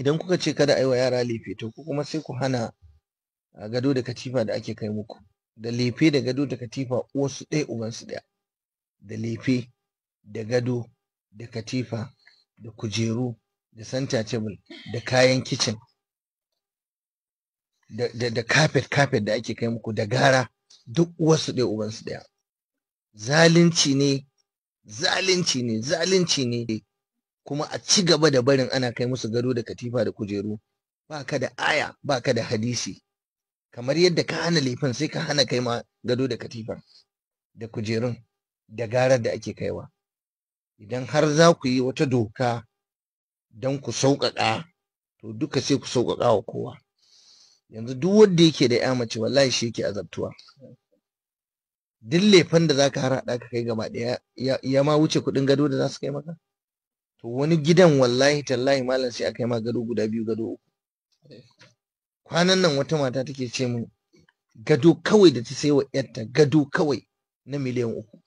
idan kuka ce kada a yi wa yara lefe to ku kuma sai ku hana ah, gado da katifa da ake kai muku da lefe da gado da katifa wasu ɗaya ubansu ɗaya da lefe da gado da katifa da kujeru da santa table da kayan kicin da kafet kafet da ake kai muku da gara duk wasu ɗaya ubansu ɗaya zalunci ne zalunci ne zalunci ne kuma a ci gaba da barin ana kai musu gado da katifa da kujeru ba ka da aya ba ka da hadisi kamar yadda ka hana laifin sai ka hana kai ma gado da katifa da kujerun da garar da ake kaiwa idan har za ku yi wata doka don ku sauƙaƙa to duka sai ku sauƙaƙa wa kowa yanzu duk wanda yake da ya mace wallahi shi yake azabtuwa duk laifin da zaka har hara ɗaka kai gaba ɗaya ya ma wuce kuɗin gado da za su kai maka to wani gidan wallahi tallahi malam sai aka yi ma gado guda biyu gado uku kwanan nan wata mata take ce mu gado kawai da ta sai wa yarta gado kawai na miliyan uku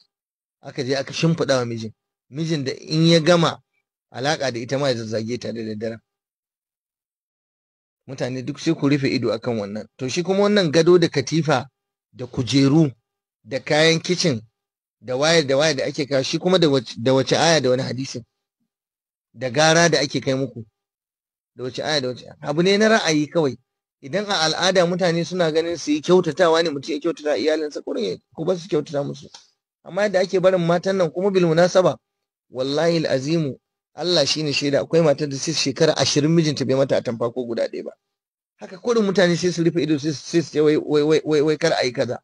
aka je aka shimfiɗa wa mijin mijin da in ya gama alaƙa da ita ma ya zazzage ta da daddare mutane duk sai ku rufe ido akan wannan to shi kuma wannan gado da katifa da kujeru da kayan kicin da wayar da wayar da ake kawo shi kuma da wace aya da wani hadisin da gara da ake kai muku da wace aya da wace abu ne na ra'ayi kawai idan a al'ada mutane suna ganin su yi kyautatawa ne mutum ya kyautata iyalinsa kurin ku ba su kyautata musu amma yadda ake barin matan nan kuma bil munasaba wallahi al'azimu Allah shine shaida akwai matar da sai shekara ashirin mijinta bai mata atamfa ko guda ɗaya ba haka kurin mutane sai su rufe ido sai su ce wai wai wai wai kar a yi kaza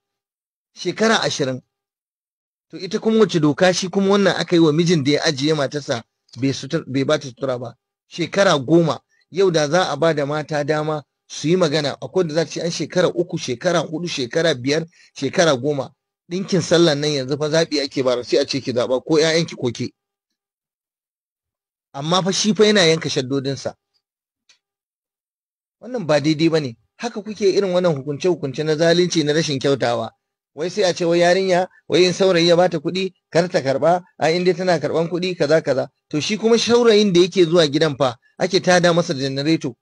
shekara ashirin to ita kuma wace doka shi kuma wannan aka yi wa mijin da ya ajiye matarsa bai ba ta sutura ba shekara goma yau da za a ba da mata dama su yi magana akwai da za ce an shekara uku shekara hudu shekara biyar shekara goma ɗinkin sallan nan yanzu fa zaɓi ake ba sai a ce ki zaɓa ko ƴaƴanki ko ke amma fa shi fa yana yanka shaddodinsa wannan ba daidai ba ne haka kuke irin wannan hukunce-hukunce na zalunci na rashin kyautawa wai sai a ce wai yarinya wai in saurayi ya bata kuɗi kar ta karba a dai tana karban kuɗi kaza kaza to shi kuma saurayin da yake zuwa gidan fa ake tada masa da janareto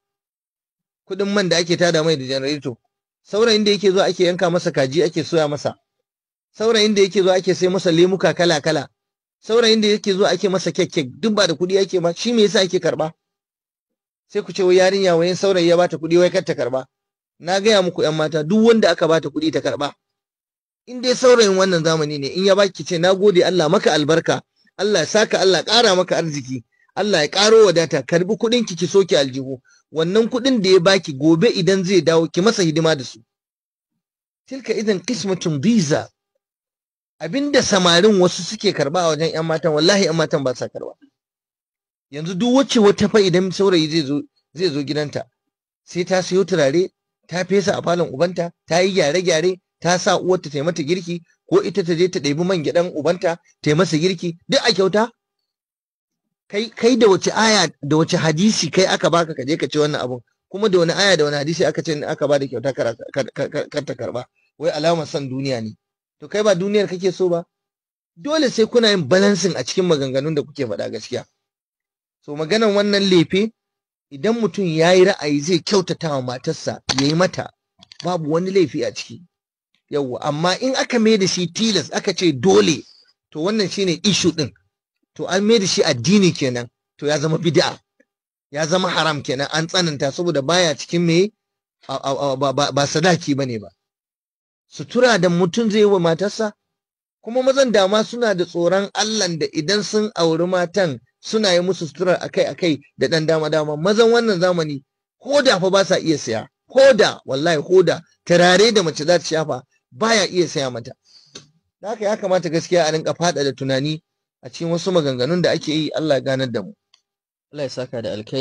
kuɗin man da ake tada mai da janareto saurayin da yake zuwa ake yanka masa kaji ake soya masa saurayin da yake zuwa ake sai masa lemuka kala kala saurayin da yake zuwa ake masa kyakkyak duk ba da kuɗi ake ma shi me yasa ake karba sai ku ce wai yarinya wai saurayi ya bata kuɗi wai kar ta karba na gaya muku yan mata duk wanda aka bata kuɗi ta karba in dai saurayin wannan zamani ne in ya baki ce na gode Allah maka albarka Allah ya saka Allah ƙara maka arziki Allah ya ƙaro wadata karbi kuɗin ki ki soke aljihu wannan kuɗin da ya baki gobe idan zai dawo ki masa hidima da su tilka idan kismatun biza abinda samarin wasu suke karba a wajen yan matan wallahi yan matan ba sa karba yanzu duk wacce wata fa idan saurayi zai zo zai zo gidanta sai ta sayo turare ta fesa a falon ubanta ta yi gyare-gyare ta sa uwarta ta mata girki ko ita ta je ta ɗebi man gyaɗan ubanta ta masa girki duk a kyauta kai kai da wace aya da wace hadisi kai aka baka ka je ka ce wannan abun kuma da wani aya da wani hadisi aka ce aka ba da kyauta kar ta karba wai alamar son duniya ne to kai ba duniyar kake so ba dole sai kuna yin balancing a cikin maganganun da kuke faɗa gaskiya so maganan wannan lefe idan mutum ya yi ra'ayi zai kyautata wa matarsa ya yi mata babu wani laifi a ciki yawwa amma in aka mai da shi tilas aka ce dole to wannan shine issue din to an mai da shi addini kenan to ya zama bid'a ya zama haram kenan an tsananta saboda baya cikin me ba sadaki bane ba sutura da mutum zai wa matarsa kuma mazan dama suna da tsoron Allah da idan sun auri matan suna yi musu sutura akai-akai da ɗan dama-dama mazan wannan zamani ko da fa ba sa iya siya ko da wallahi ko da turare da mace za ta shafa baya iya saya mata da haka ya kamata gaskiya a rinka fada da tunani a cikin wasu maganganun da ake yi Allah ya ganar da mu Allah ya saka da